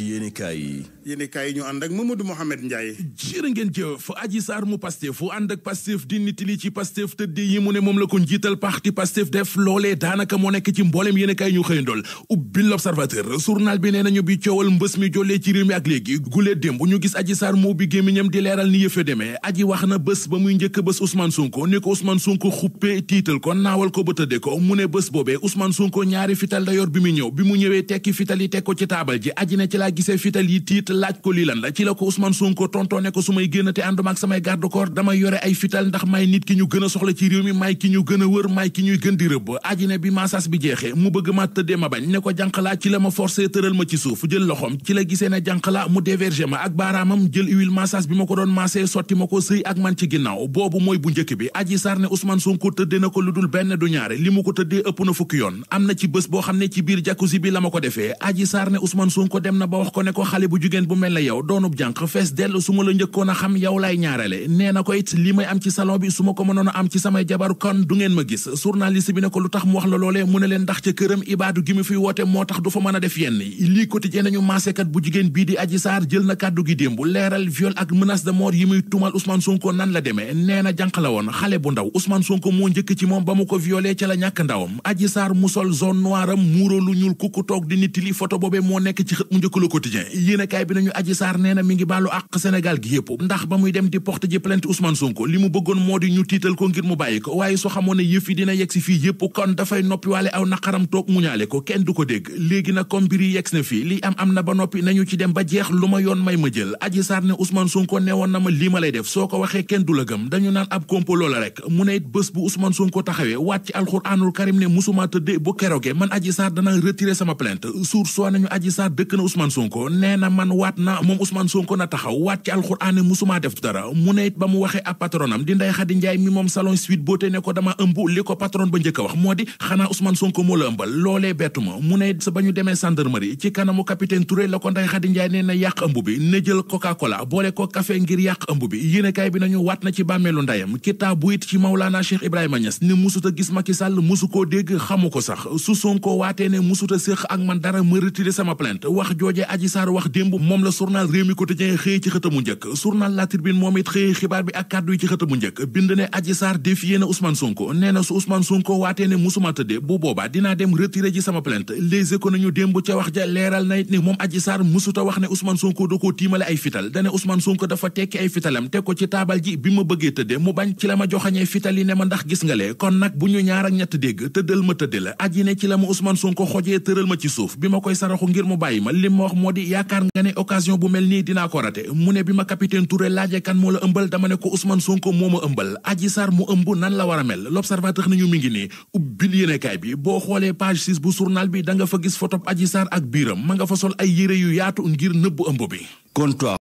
ci yéenekaay yi ñu ànd ak Mamadou Mohamed Ndiaye jërë ngeen jëf Adji Sarr mu Pastef fu ànd ak Pastef di nit li ci Pastef tëddee yi mu ne moom la ko njiital parti Pastef def loolee daanaka moo nekk ci mbooleem yéenekaay ñu xëyandool ubbi l'Observateur journal bi nee nañu bi coowal mbës mi jollee ci réew mi ak léegi gulee démb ñu gis Adji Sarr moo bi gémmiñam di leeral ni yëfe demee Adji wax na bés ba muy njëkk bés Ousmane Sonko ko Ousmane ko naawal ko da laa gisee fital yi tiit laaj ko lii lan la ci la ko Ousmane Sonko tontoo ne ko su may génn te ànduma ak samay garde corps damay yore ay fital ndax may nit ki ñu a soxla ci réew mi may ki ñu a wër may ki ñuy gën bi ma ko jànqalaa ci ma forcé ma ci suuf jël loxoom ci la gisee ne jànqalaa mu dévergé ma ak bi ma ko doon maasee sotti ma ko sëy tëddee na ko lu dul benn du ñaare li mu ko tëddee ëpp na fukki yoon am na ci bés boo xam ne ci biir jacuzzi bi la ma ko defee aji sar ne Ousmane Sonko dem na ba wax ko ne ko xale bu jigéen bu mel ne yow doonub jànq fees dell su la njëkkoon a xam yow lay ñaarale nee na li may am ci salon bi su ko mënoon a am ci samay jabaru kon du ngeen ma gis journaliste bi ne ko lu tax mu wax la loolee mu ne leen ndax ca këram ibaadu gi mu fi woote moo tax du fa mën a def yenn lii quotidien nañu maasekat bu jigéen bii di Adji jël na kàddu gi démb leeral viol ak menace yi muy tumal Ousmane Sonko ko violé la ñàkk Le Quotidien yéenekaay bi nañu Adji Sarr nee na mi ngi baalu àq Sénégal gi lu ma yoon may ma jël Adji Sarr ne Ousmane Sonko neewoon na ma lii ma lay def soo ko waxee kenn du la gëm dañu naan ab complot loola rek mu ne it bu Ousmane Sonko taxawee waat alxuraanul karim ne musuma tëdde bu keroge man Adji dana retirer sama plainte sour soo nañu Adji dëkk na Ousmane Ousmane Sonko nee na man waat na moom Ousmane Sonko na taxaw waat ci alxuraan ne def dara mu ne it ba mu waxee ab patronam di Ndeye Khady Ndiaye mi moom salon Sweet Beauté ne ko dama ëmb li ko patron ba njëkk a wax moo di xanaa Ousmane Sonko moo la ëmbal loolee bettu ma mu ne it ba ñu demee gendarmerie ci kanamu capitaine Touré la ko Ndeye Khady Ndiaye nee na yàq ëmb bi ne jël coca cola boole ko café ngir yàq ëmb bi yéenekaay bi nañu waat na ci bàmmeelu ndeyam a gis Macky ko a séq ak man dara ma retiré sama plainte jooje Adji wax démb moom la journal Rewmi Quotidien xëy ci xëtamu njëkk journal La Tribune moom it xëy xibaar bi ak kàddu yi ci xëtamu njëkk bind ne Adji Sarr défié na Ousmane Sonko nee na su Ousmane Sonko waatee ne musuma tëdde bu boobaa dinaa dem retiré ji sama plainte Les Échos nañu démb ca wax ja leeral na it ni moom Adji Sarr musuta wax ne Ousmane Sonko da koo tiimale ay fital dane Ousmane Sonko dafa tekki ay fitalam te ko ci taabal ji bi ma bëggee tëdde mu bañ ci la ma joxañee fital yi ne ma ndax gis nga lee kon nag bu ñu ñaar ak ñett dégg tëddal ma tëdde la Adji ne ci la ma Ousmane Sonko xojee tëral ma ci suuf bi ma koy saraxu moo di yaakaar nga ne occasion bu mel nii dinaa ko rate mu ne bi ma capitaine Touré laajee kan moo la ëmbal dama ne ko Ousmane Sonko moo ma ëmbal Adji Sarr mu ëmb nan la war a mel l'observateur nañu mu ngi nii ubbil yéenekaay bi boo xoolee page 6 bu journal bi danga fa gis photo Adji ak biiram ma nga fa sol ay yére yu yaatu ngir nëbbu ëmb bi